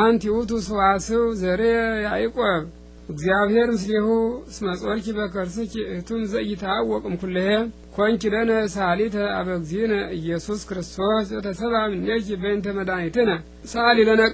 አንቲ ውእቱ ሰዋስው ዘሬ ያዕቆብ እግዚአብሔር ምስሌሁ እስመ ጾርኪ በከርስኪ እህቱም ዘይታወቅ እምኩልሄ ኮንኪ ለነ ሳሊተ አበ እግዚእነ ኢየሱስ ክርስቶስ ወተሰብአ እምኔኪ በእንተ መድኃኒትነ ሳሊ ለነ